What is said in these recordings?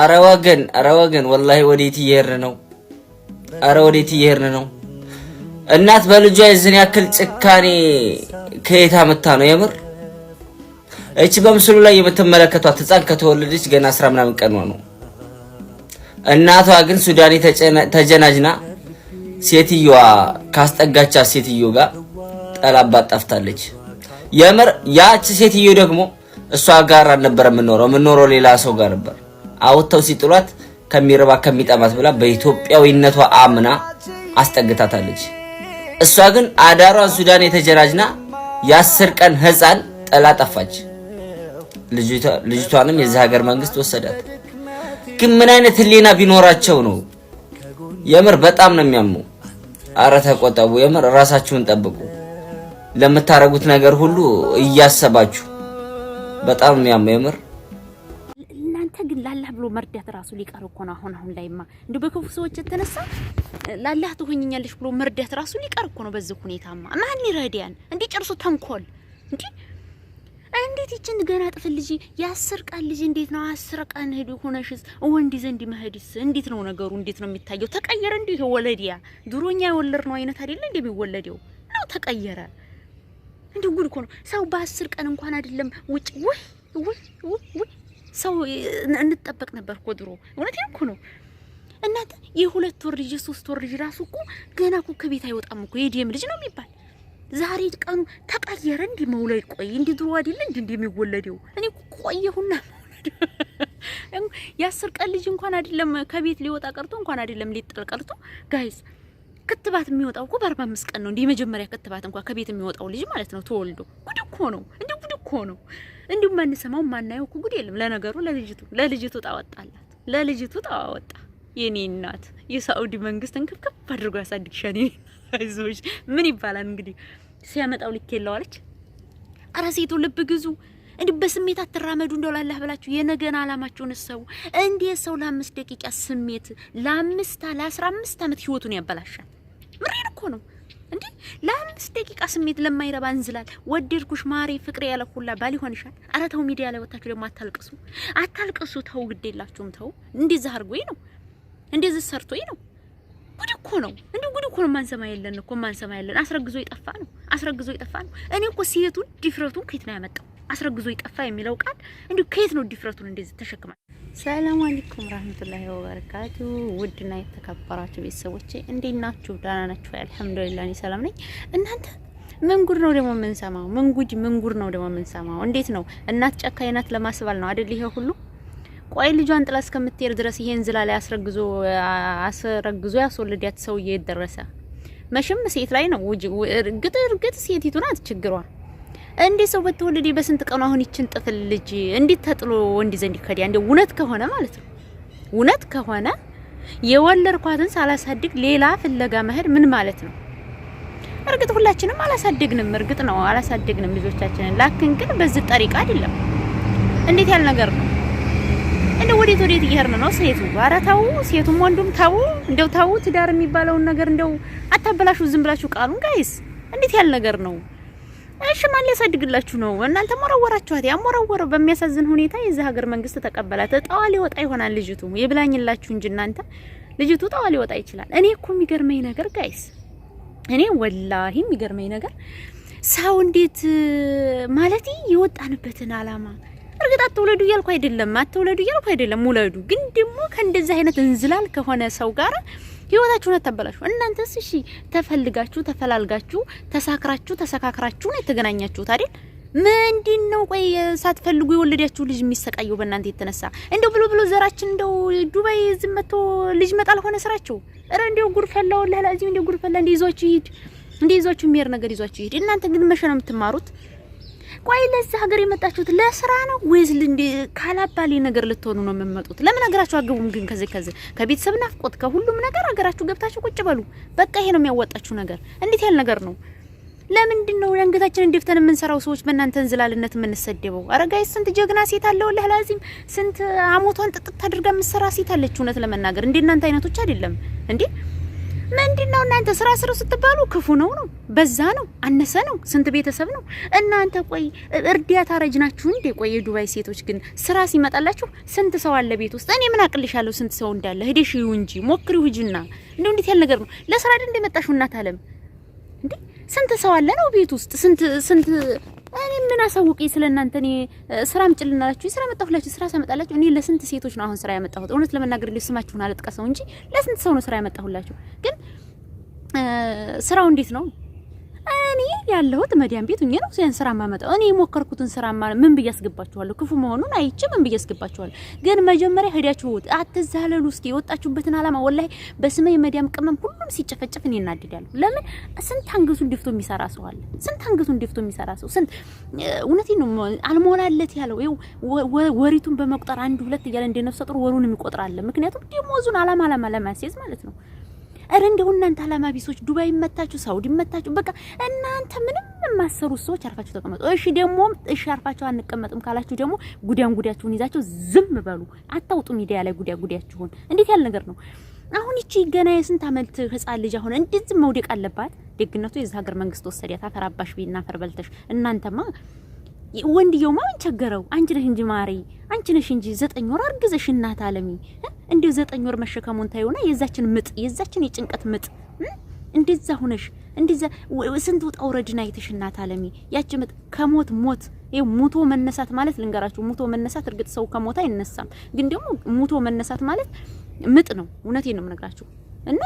አረ ወገን፣ አረ ወገን፣ ወላሂ ወዴት እየሄድን ነው? አረ ወዴት እየሄድን ነው? እናት በልጇ የዝን ያክል ጭካኔ ከየት አመታ ነው? የምር እቺ በምስሉ ላይ የምትመለከቷት ህፃን ከተወለደች ገና አስራ ምናምን ቀኗ ነው። እናቷ ግን ሱዳኒ ተጀናጅና ሴትዮዋ ካስጠጋቻ ሴትዮ ጋር ጠላባት ጠፍታለች። የምር ያቺ ሴትዮ ደግሞ እሷ ጋር አልነበረ የምኖረው የምኖረው ሌላ ሰው ጋር ነበር። አውጥተው ሲጥሏት ከሚረባ ከሚጠማት ብላ በኢትዮጵያዊነቷ አምና አስጠግታታለች። እሷ ግን አዳሯ ሱዳን የተጀራጅና የአስር ቀን ሕፃን ጥላ ጠፋች። ልጅቷንም የዚህ ሀገር መንግስት ወሰዳት። ግን ምን አይነት ህሊና ቢኖራቸው ነው? የምር በጣም ነው የሚያሙ። አረ ተቆጠቡ፣ የምር ራሳችሁን ጠብቁ። ለምታረጉት ነገር ሁሉ እያሰባችሁ በጣም የሚያሙ የምር አንተ ግን ላላህ ብሎ መርዳት ራሱ ሊቀር እኮ ነው። አሁን አሁን ላይማ እንደ በክፉ ሰዎች የተነሳ ላላህ ትሆኝኛለሽ ብሎ መርዳት ራሱ ሊቀር እኮ ነው። በዚህ ሁኔታማ ማን ይረዳያን? እንዲህ ጨርሶ ተንኮል እንዲ እንዴት ይችን ገና ጥፍ ልጅ የአስር ቀን ልጅ እንዴት ነው አስር ቀን ሄዱ ሆነሽስ ወንድ ዘንድ መሄድስ እንዴት ነው ነገሩ? እንዴት ነው የሚታየው? ተቀየረ እንዴ? ወለዲያ ድሮኛ የወለድ ነው አይነት አይደለ እንዴ? ቢወለደው ነው ተቀየረ እንዴ? ጉድ እኮ ነው ሰው በአስር ቀን እንኳን አይደለም ውጭ ውይ ውይ ውይ ሰው እንጠበቅ ነበር እኮ ድሮ። እውነቴን እኮ ነው። እናት የሁለት ወር ልጅ የሶስት ወር ልጅ ራሱ እኮ ገና እኮ ከቤት አይወጣም እኮ የዲም ልጅ ነው የሚባል። ዛሬ ቀኑ ተቀየረ። እንዲ መውለድ ቆይ እንዲ ድሮ አይደለ እንዲ የሚወለደው እኔ ቆየሁና የአስር ቀን ልጅ እንኳን አይደለም ከቤት ሊወጣ ቀርቶ እንኳን አይደለም ሊጥል ቀርቶ ጋይዝ ክትባት የሚወጣው እኮ በአርባ አምስት ቀን ነው። እንደ የመጀመሪያ ክትባት እንኳን ከቤት የሚወጣው ልጅ ማለት ነው ተወልዶ። ጉድ እኮ ነው እንዲ ጉድ እኮ ነው። እንዲሁም ማንሰማው ማናየው እኮ ጉድ የለም። ለነገሩ ለልጅቱ ለልጅቱ ጣወጣላት ለልጅቱ ጣወጣ የኔ እናት የሳኡዲ መንግስት እንክብክብ አድርጎ ያሳድግሻል። አይዞሽ ምን ይባላል እንግዲህ ሲያመጣው ልክ የለዋለች። አረ ሴቱ ልብ ግዙ። እንዲህ በስሜት አትራመዱ። እንደው ላላህ ብላችሁ የነገን አላማችሁን ሰው እንዴት ሰው ለአምስት ደቂቃ ስሜት ለአምስት ለአስራ አምስት አመት ህይወቱን ያበላሻል። ምሬን እኮ ነው። እንዴ ለአምስት ደቂቃ ስሜት ለማይረባ እንዝላል ወደድኩሽ ማሬ ፍቅሬ ያለ ሁላ ባል ይሆንሻል። ኧረ ተው፣ ሚዲያ ላይ ወጣችሁ ደግሞ አታልቅሱ፣ አታልቅሱ። ተው፣ ግድ የላችሁም ተው። እንደዛ አድርጎኝ ነው እንደዚህ ሰርቶኝ ነው። ጉድ እኮ ነው እንዴ! ጉድ እኮ ነው። ማንሰማ የለን እኮ ማንሰማ የለን። አስረግዞ የጠፋ ነው፣ አስረግዞ የጠፋ ነው። እኔ እኮ ሴቱን ድፍረቱን ከየት ነው ያመጣው? አስረግዞ ይጠፋ የሚለው ቃል እንዲሁ ከየት ነው ዲፍረቱን እንደዚህ ተሸክማል? ሰላም አለይኩም ረህመቱላሂ ወበረካቱ። ውድና የተከበራችሁ ቤተሰቦች እንዴት ናችሁ? ደህና ናችሁ? አልሐምዱሊላህ እኔ ሰላም ነኝ። እናንተ ምን ጉድ ነው ደግሞ የምንሰማው? ምን ጉድ ምን ጉድ ነው ደግሞ የምንሰማው? እንዴት ነው እናት ጨካኝ ናት ለማስባል ነው አይደል? ይሄ ሁሉ ቆይ ልጇን ጥላ እስከምትሄድ ድረስ ይሄን ዝላ ላይ አስረግዞ አስረግዞ ያስወልዳት ሰውዬ የደረሰ መቼም ሴት ላይ ነው። እርግጥ እርግጥ ሴቲቱ ናት ችግሯ እንዴ ሰው በተወለደ በስንት ቀኑ አሁን ይችን ጥፍል ልጅ እንዴት ተጥሎ ወንድ ዘንድ ይከዳ? እንዴ እውነት ከሆነ ማለት ነው እውነት ከሆነ የወለድኳትን ሳላሳድግ ሌላ ፍለጋ መሄድ ምን ማለት ነው? እርግጥ ሁላችንም አላሳደግንም፣ እርግጥ ነው አላሳደግንም ልጆቻችንን። ላክን ግን በዚህ ጠሪቃ አይደለም። እንዴት ያለ ነገር ነው? እንደ ወዴት ወዴት እየሄድን ነው? ሴቱ ኧረ ተው፣ ሴቱም ወንዱም ተው፣ እንደው ተው። ትዳር የሚባለውን ነገር እንደው አታበላሹ፣ ዝም ብላችሁ ቃሉን ጋይስ። እንዴት ያለ ነገር ነው? እሺ ማን ሊያሳድግላችሁ ነው? እናንተ ሞረወራችኋት። ያ ሞረወረው በሚያሳዝን ሁኔታ የዚህ ሀገር መንግስት ተቀበላት። ጠዋ ሊወጣ ይሆናል ልጅቱ። ይብላኝላችሁ እንጂ እናንተ ልጅቱ ጠዋ ሊወጣ ይችላል። እኔ እኮ የሚገርመኝ ነገር ጋይስ፣ እኔ ወላሂ የሚገርመኝ ነገር ሰው እንዴት ማለት የወጣንበትን አላማ እርግጥ አትውለዱ እያልኩ አይደለም፣ አትውለዱ እያልኩ አይደለም። ውለዱ ግን ደግሞ ከእንደዚህ አይነት እንዝላል ከሆነ ሰው ጋር ህይወታችሁን አታበላሹ። እናንተስ እሺ ተፈልጋችሁ ተፈላልጋችሁ ተሳክራችሁ ተሰካክራችሁ ነው የተገናኛችሁት አይደል? ምንድን ነው ቆይ ሳትፈልጉ የወለዳችሁ ልጅ የሚሰቃየው በእናንተ የተነሳ እንደው ብሎ ብሎ ዘራችን እንደው ዱባይ ዝም መጥቶ ልጅ መጣል ሆነ ስራችሁ። እረ እንደው ጉርፈላው ለላ እዚህ እንደው ጉርፈላ እንደ ይዟችሁ ይሂድ እንደ ይዟችሁ የሚሄድ ነገር ይዟችሁ ይሂድ። እናንተ ግን መቼ ነው የምትማሩት? ቆይ ለዚህ ሀገር የመጣችሁት ለስራ ነው ወይስ እንደ ካላባሌ ነገር ልትሆኑ ነው የምመጡት? ለምን ሀገራችሁ አገቡም? ግን ከዚህ ከዚህ ከቤተሰብ ናፍቆት ከሁሉም ነገር ሀገራችሁ ገብታችሁ ቁጭ በሉ። በቃ ይሄ ነው የሚያዋጣችሁ ነገር። እንዴት ያለ ነገር ነው? ለምንድን ነው አንገታችንን ደፍተን የምንሰራው ሰዎች በእናንተ እንዝላልነት የምንሰደበው? አረጋይ ስንት ጀግና ሴት አለ ወላህ ላዚም ስንት አሞቷን ጥጥት አድርጋ የምትሰራ ሴት አለች። እውነት ለመናገር እንደ እናንተ አይነቶች አይደለም እንዴ ምንድን ነው እናንተ ስራ ስሩ ስትባሉ ክፉ ነው ነው፣ በዛ ነው፣ አነሰ ነው፣ ስንት ቤተሰብ ነው እናንተ። ቆይ እርዳታ ረጅ ናችሁ እንዴ? ቆይ የዱባይ ሴቶች ግን ስራ ሲመጣላችሁ ስንት ሰው አለ ቤት ውስጥ። እኔ ምን አቅልሻለሁ ስንት ሰው እንዳለ። ሂደሽ ይሁ እንጂ ሞክሪው ሂጂና። እንደው እንዴት ያለ ነገር ነው ለስራ ደንድ እንደመጣሽው እናት አለም እንዴ ስንት ሰው አለ ነው ቤት ውስጥ ስንት ስንት እኔ ምን አሳውቀኝ ስለ እናንተ እኔ ስራ አምጪልን ስራ መጣሁላችሁ ስራ ሰመጣላችሁ እኔ ለስንት ሴቶች ነው አሁን ስራ ያመጣሁት እውነት ለመናገር ልጅ ስማችሁን አልጥቀሰው እንጂ ለስንት ሰው ነው ስራ ያመጣሁላችሁ ግን ስራው እንዴት ነው እኔ ያለሁት መዲያም ቤት ሁኜ ነው ያን ስራ ማመጣው። እኔ የሞከርኩትን ስራ ምን ብዬ አስገባችኋለሁ? ክፉ መሆኑን አይቼ ምን ብዬ አስገባችኋለሁ? ግን መጀመሪያ ሄዳችሁ አትዛለሉ። እስኪ የወጣችሁበትን አላማ ወላሂ በስመ የመዲያም ቅመም ሁሉም ሲጨፈጨፍ እኔ እናድዳለሁ። ለምን ስንት አንገቱን ደፍቶ የሚሰራ ሰው አለ። ስንት አንገቱን ደፍቶ የሚሰራ ሰው ስንት እውነቴን ነው አልሞላለት ያለው ወሪቱን በመቁጠር አንድ ሁለት እያለ እንደነፍሰ ጡር ወሩን የሚቆጥራለ። ምክንያቱም ደሞዙን አላማ አላማ ለማስያዝ ማለት ነው። እረ እንደው እናንተ አላማ ቢሶች ዱባይ ይመታችሁ፣ ሳውዲ ይመታችሁ። በቃ እናንተ ምንም የማሰሩ ሰዎች አርፋችሁ ተቀመጡ። እሺ ደግሞ እሺ አርፋችሁ አንቀመጥም ካላችሁ ደግሞ ጉዳን ጉዳያችሁን ይዛችሁ ዝም በሉ። አታውጡ ሚዲያ ላይ ጉዳ ጉዳያችሁን። እንዴት ያለ ነገር ነው? አሁን ይቺ ገና የስንት አመት ህፃን ልጅ አሁን እንዴት ዝም መውደቅ አለባት? ደግነቱ የዚህ ሀገር መንግስት ወሰዳት። አፈራባሽ ቢና አፈር በልተሽ እናንተማ ወንድየው ማ ምን ቸገረው? አንቺ ነሽ እንጂ ማሪ፣ አንቺ ነሽ እንጂ ዘጠኝ ወር አርግዘሽ እናት አለሚ እንዴው ዘጠኝ ወር መሸከሙን ታዩና የዛችን ምጥ የዛችን የጭንቀት ምጥ እንደዛ ሁነሽ እንደዛ ስንት ውጣ ውረድና አይተሽ እናት አለሚ ያቺ ምጥ ከሞት ሞት ይሄ ሙቶ መነሳት ማለት ልንገራችሁ፣ ሙቶ መነሳት እርግጥ ሰው ከሞት አይነሳም፣ ግን ደግሞ ሙቶ መነሳት ማለት ምጥ ነው። እውነቴን ነው የምነግራችሁ እና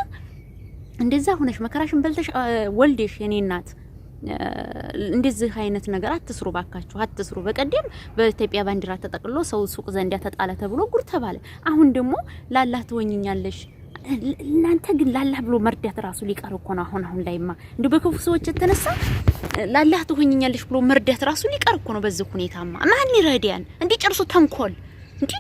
እንደዛ ሁነሽ መከራሽን በልተሽ ወልዴሽ የኔ እናት እንደዚህ አይነት ነገር አትስሩ፣ ባካችሁ አትስሩ። በቀደም በኢትዮጵያ ባንዲራ ተጠቅሎ ሰው ሱቅ ዘንድ ተጣለ ተብሎ ጉር ተባለ። አሁን ደግሞ ላላህ ትወኝኛለሽ እናንተ ግን ላላህ ብሎ መርዳት ራሱ ሊቀር እኮ ነው። አሁን አሁን ላይማ እንዲሁ በክፉ ሰዎች የተነሳ ላላህ ትሆኝኛለሽ ብሎ መርዳት ራሱ ሊቀር እኮ ነው። በዚህ ሁኔታማ ማን ይረዳያን? እንዲህ ጨርሶ ተንኮል እንዲህ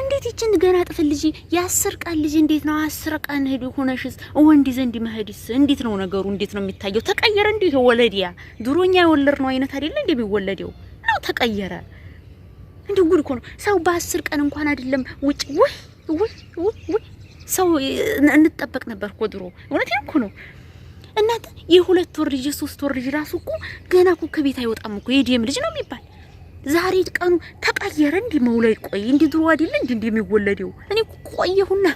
እንዴት ይችን ገና ጥፍል ልጅ የአስር ቀን ልጅ እንዴት ነው አስር ቀን ሄዱ ሆነሽስ ወንድ ዘንድ መሄድስ እንዴት ነው ነገሩ? እንዴት ነው የሚታየው? ተቀየረ እንዴ? ወለዲያ ድሮኛ የወለድ ነው አይነት አይደለ እንዴ የሚወለደው ነው ተቀየረ። እንዴ? ጉድ እኮ ነው ሰው በአስር ቀን እንኳን አይደለም ውጭ ውይ ውይ ውይ ሰው እንጠበቅ ነበር እኮ ድሮ። እውነቴን እኮ ነው እናንተ የሁለት ወር ልጅ ሶስት ወር ልጅ ራሱ እኮ ገና እኮ ከቤት አይወጣም እኮ የዲየም ልጅ ነው የሚባል ዛሬ ቀኑ ተቀየረ። እንዲ መውለድ ቆይ እንዲ ድሮ አይደለ እንዲ እንዲ የሚወለደው እኔ ቆየሁና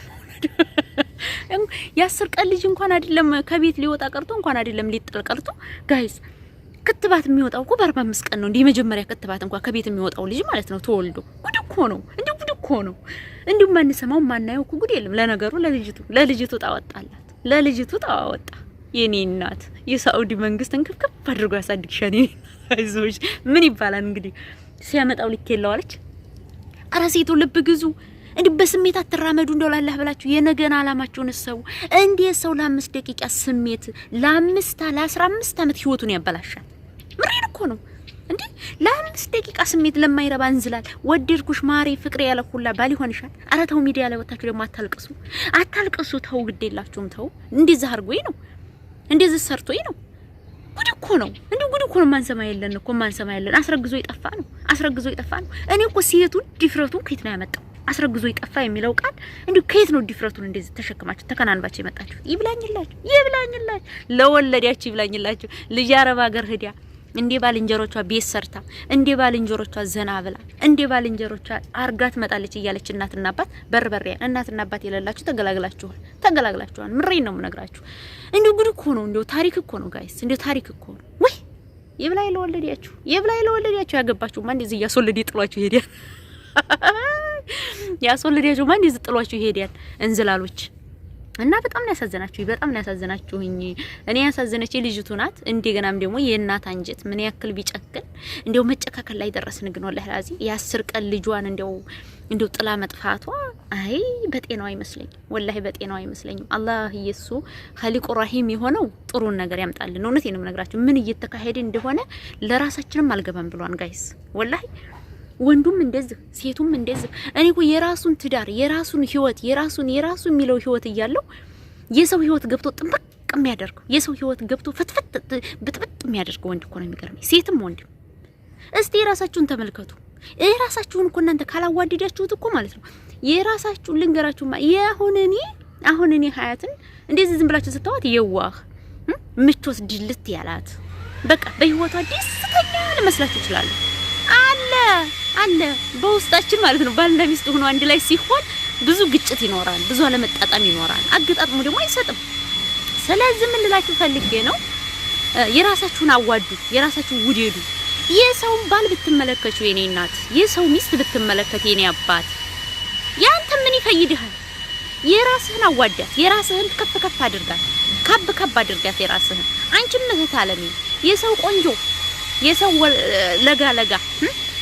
የአስር ቀን ልጅ እንኳን አይደለም ከቤት ሊወጣ ቀርቶ እንኳን አይደለም ሊጥል ቀርቶ ጋይስ ክትባት የሚወጣው እኮ በአርባ አምስት ቀን ነው። እንደ የመጀመሪያ ክትባት እንኳን ከቤት የሚወጣው ልጅ ማለት ነው ተወልዶ። ጉድ እኮ ነው እንዲ ጉድ እኮ ነው እንዲሁ ማንሰማው ማናየው እኮ ጉድ የለም። ለነገሩ ለልጅቱ ለልጅቱ ጣወጣላት ለልጅቱ ጣወጣ የኔ እናት የሳኡዲ መንግስት እንክብክብ አድርጎ ያሳድግሻል። አይዞሽ ምን ይባላል እንግዲህ ሲያመጣው ልክ የለዋለች። አረ ሴቱ ልብ ግዙ። እንዲህ በስሜት አትራመዱ። እንደው ላላህ ብላችሁ የነገን አላማችሁን እሰው። እንዴት ሰው ለአምስት ደቂቃ ስሜት ለአምስት ለአስራ አምስት አመት ህይወቱን ያበላሻል። ምሬን እኮ ነው እንዴ! ለአምስት ደቂቃ ስሜት ለማይረባ እንዝላል። ወደድኩሽ ማሬ ፍቅሬ ያለኩላ ባል ይሆንሻል። አረ ተው፣ ሚዲያ ላይ ወጣችሁ ደግሞ አታልቅሱ፣ አታልቅሱ። ተው፣ ግድ የላችሁም ተው። እንደዛ አድርጎኝ ነው እንደዚህ ሰርቶኝ ነው ጉድ እኮ ነው እንዴ! ጉድ እኮ ነው። ማንሰማ የለን እኮ ማንሰማ የለን። አስረግዞ የጠፋ ነው። አስረግዞ የጠፋ ነው። እኔ እኮ ሲሄቱን ድፍረቱን ከየት ነው ያመጣው? አስረግዞ የጠፋ የሚለው ቃል እንዴ ከየት ነው ዲፍረቱን እንደዚህ ተሸክማችሁ ተከናንባችሁ የመጣችሁ? ይብላኝላችሁ፣ ይብላኝላችሁ፣ ለወለዳችሁ ይብላኝላችሁ። ልጅ አረብ ሀገር ሂዳ እንዴ ባልንጀሮቿ ቤት ሰርታ እንዴ ባልንጀሮቿ ዘና ብላ እንዴ ባልንጀሮቿ አርጋ ትመጣለች እያለች እናትና አባት በር በር ያን እናትና አባት የሌላችሁ ተገላግላችኋል፣ ተገላግላችኋል። ምሬን ነው የምነግራችሁ። እንዲሁ ጉድ እኮ ነው። እንዲሁ ታሪክ እኮ ነው ጋይስ፣ እንዲሁ ታሪክ እኮ ነው። ወይ የብላይ ለወለዳችሁ፣ የብላይ ለወለዳችሁ። ያገባችሁ ማን እንደዚህ እያስወለደ ጥሏችሁ ይሄዳል። ያስወለዳችሁ ማን እዚህ ጥሏችሁ ይሄዳል። እንዝላሎች እና በጣም ነው ያሳዘናችሁ፣ በጣም ነው ያሳዘናችሁኝ። እኔ ያሳዘነች ልጅቱ ናት። እንደገናም ደግሞ የእናት አንጀት ምን ያክል ቢጨክን እንደው መጨካከል ላይ ደረስን። ግን ወላሂ ላዚ የአስር ቀን ልጇን እንደው እንደው ጥላ መጥፋቷ አይ በጤናው አይመስለኝም፣ ወላሂ በጤናው አይመስለኝም። አላህ የሱ ኸሊቁ ራሂም የሆነው ጥሩን ነገር ያምጣልን። እውነቴን ነው የምነግራችሁ። ምን እየተካሄደ እንደሆነ ለራሳችንም አልገባም ብሏን ጋይስ ወላሂ ወንዱም እንደዚህ ሴቱም እንደዚህ። እኔ እኮ የራሱን ትዳር የራሱን ህይወት የራሱን የራሱ የሚለው ህይወት እያለው የሰው ህይወት ገብቶ ጥንብቅ የሚያደርገው የሰው ህይወት ገብቶ ፍትፍት ብጥብጥ የሚያደርገው ወንድ እኮ ነው የሚገርመኝ። ሴትም ወንድም እስቲ የራሳችሁን ተመልከቱ። የራሳችሁን እኮ እናንተ ካላዋደዳችሁት እኮ ማለት ነው የራሳችሁን ልንገራችሁማ። የአሁን እኔ አሁን እኔ ሀያትን እንደዚህ ዝም ብላችሁ ስታዋት የዋህ ምቾት ድልት ያላት በቃ በህይወቷ ደስተኛ ልመስላችሁ ይችላሉ። አለ አለ በውስጣችን ማለት ነው። ባልና ሚስት ሆኖ አንድ ላይ ሲሆን ብዙ ግጭት ይኖራል፣ ብዙ አለመጣጣም ይኖራል። አገጣጥሙ ደግሞ አይሰጥም። ስለዚህ ምን ልላችሁ ፈልጌ ነው፣ የራሳችሁን አዋዱ፣ የራሳችሁን ውደዱ። የሰውን ባል ብትመለከቱ የኔ እናት፣ የሰው ሚስት ብትመለከት የኔ አባት፣ ያንተ ምን ይፈይድሃል? የራስህን አዋዳት፣ የራስህን ከፍ ከፍ አድርጋት፣ ካብ ካብ አድርጋት የራስህን። አንቺም እህት አለሜ የሰው ቆንጆ የሰው ለጋ ለጋ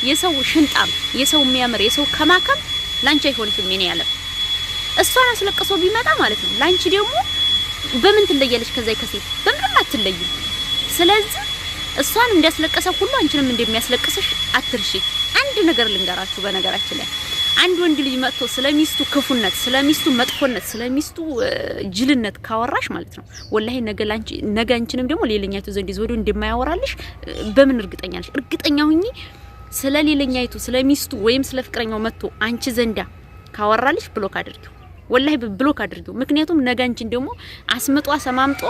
የሰው ሽንጣም የሰው የሚያምር የሰው ከማከም ላንቺ አይሆንሽም። ምን ያለም እሷን አስለቅሶ ቢመጣ ማለት ነው። ላንቺ ደግሞ በምን ትለያለሽ? ከዛ ከሴት በምንም አትለይ? ስለዚህ እሷን እንዲያስለቀሰ ሁሉ አንቺንም እንደሚያስለቅስሽ አትርሺ። አንድ ነገር ልንገራችሁ በነገራችን ላይ አንድ ወንድ ልጅ መጥቶ ስለሚስቱ ክፉነት፣ ስለሚስቱ መጥፎነት፣ ስለሚስቱ ጅልነት ካወራሽ ማለት ነው ወላሂ ነገ ላንቺ ነገ አንቺንም ደግሞ ሌላኛይቱ ዘንድ ይዞ እንደማያወራልሽ በምን እርግጠኛ ነሽ? እርግጠኛ ሁኚ። ስለ ሌላኛይቱ ስለሚስቱ ወይም ስለ ፍቅረኛው መጥቶ አንቺ ዘንዳ ካወራልሽ ብሎክ አድርጊው። ወላሂ ብሎክ አድርጊው። ምክንያቱም ነገ አንቺን ደግሞ አስምጦ አሰማምጦ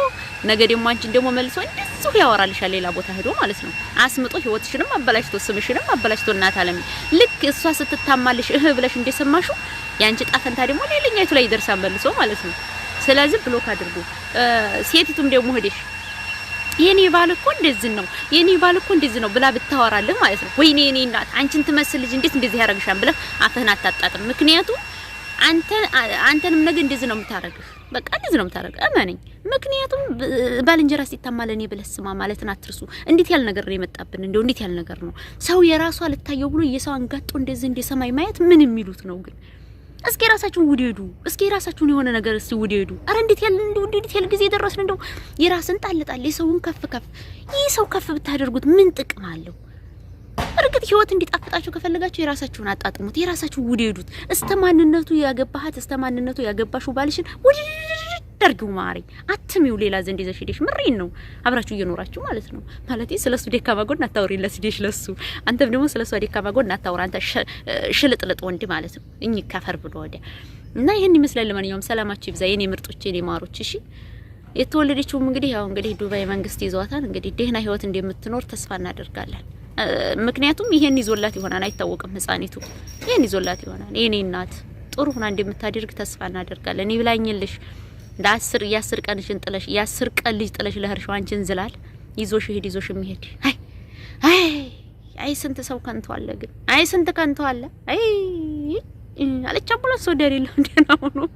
ነገ ደግሞ አንቺን ደግሞ መልሶ እንደዚሁ ያወራልሻል ሌላ ቦታ ሄዶ ማለት ነው። አስምጦ ህይወትሽንም አበላሽቶ ስምሽንም አበላሽቶ እናት አለም ልክ እሷ ስትታማልሽ እህ ብለሽ እንደሰማሹ ያንቺ ጣፈንታ ደግሞ ሌላኛይቱ ላይ ይደርሳል መልሶ ማለት ነው። ስለዚህ ብሎክ አድርጉ። ሴቲቱም ደግሞ ሄደሽ የኔ ባል እኮ እንደዚህ ነው የኔ ባል እኮ እንደዚህ ነው ብላ ብታወራልህ ማለት ነው። ወይኔ የኔ እናት አንቺን ትመስል ልጅ እንዴት እንደዚህ ያደርግሻል ብለህ አፍህን አታጣጥም። ምክንያቱም አንተን አንተንም ነገ እንደዚህ ነው የምታረግህ። በቃ እንደዚህ ነው የምታረግህ፣ እመነኝ። ምክንያቱም ባልንጀራ ሲታማ ለኔ ብለህ ስማ ማለትን አትርሱ። እንዴት ያል ነገር ነው የመጣብን! እንደው እንዴት ያል ነገር ነው! ሰው የራሱ አልታየው ብሎ የሰው አንጋጦ እንደዚህ እንደ ሰማይ ማየት ምን የሚሉት ነው ግን? እስኪ የራሳችሁን ውደዱ። እስኪ የራሳችሁን የሆነ ነገር እስቲ ውደዱ። አረ እንዴት ያል እንደው እንዴት ያል ጊዜ ደረስን! እንደው የራስን ጣል ጣል የሰውን ከፍ ከፍ ይህ ሰው ከፍ ብታደርጉት ምን ጥቅም አለው? እርግጥ ህይወት እንዲጣፍጣችሁ ከፈለጋችሁ የራሳችሁን አጣጥሙት፣ የራሳችሁን ውደዱት። እስተ ማንነቱ ያገባሃት እስተ ማንነቱ ያገባሽው ባልሽን ውድድ አድርጊው ማሪ፣ አትሚው ሌላ ዘንድ ይዘሽ ሄደሽ ምሬን ነው አብራችሁ እየኖራችሁ ማለት ነው። ማለት ስለሱ ደካማ ጎን አታውሪ ለስዴሽ ለሱ። አንተም ደግሞ ስለሷ ደካማ ጎን አታውራ አንተ ሽልጥልጥ ወንድ ማለት ነው። እኚህ ከፈር ብሎ ወዲያ እና ይህን ይመስላል። ለማንኛውም ሰላማችሁ ይብዛ የኔ ምርጦች፣ የኔ ማሮች። እሺ የተወለደችውም እንግዲህ ያው እንግዲህ ዱባይ መንግስት ይዟታል። እንግዲህ ደህና ህይወት እንደምትኖር ተስፋ እናደርጋለን። ምክንያቱም ይሄን ይዞላት ይሆናል አይታወቅም። ህፃኒቱ ይሄን ይዞላት ይሆናል። የኔ እናት ጥሩ ሆና እንደምታደርግ ተስፋ እናደርጋለን። ይብላኝልሽ ለአስር የአስር ቀንሽን ጥለሽ የአስር ቀን ልጅ ጥለሽ ለህርሻው አንቺን ዝላል ይዞሽ ይሄድ ይዞሽ የሚሄድ አይ አይ አይ ስንት ሰው ከንቱ አለ ግን አይ ስንት ከንቱ አለ አይ አለች አምቡላንስ ወደ ለምደና ሆኖ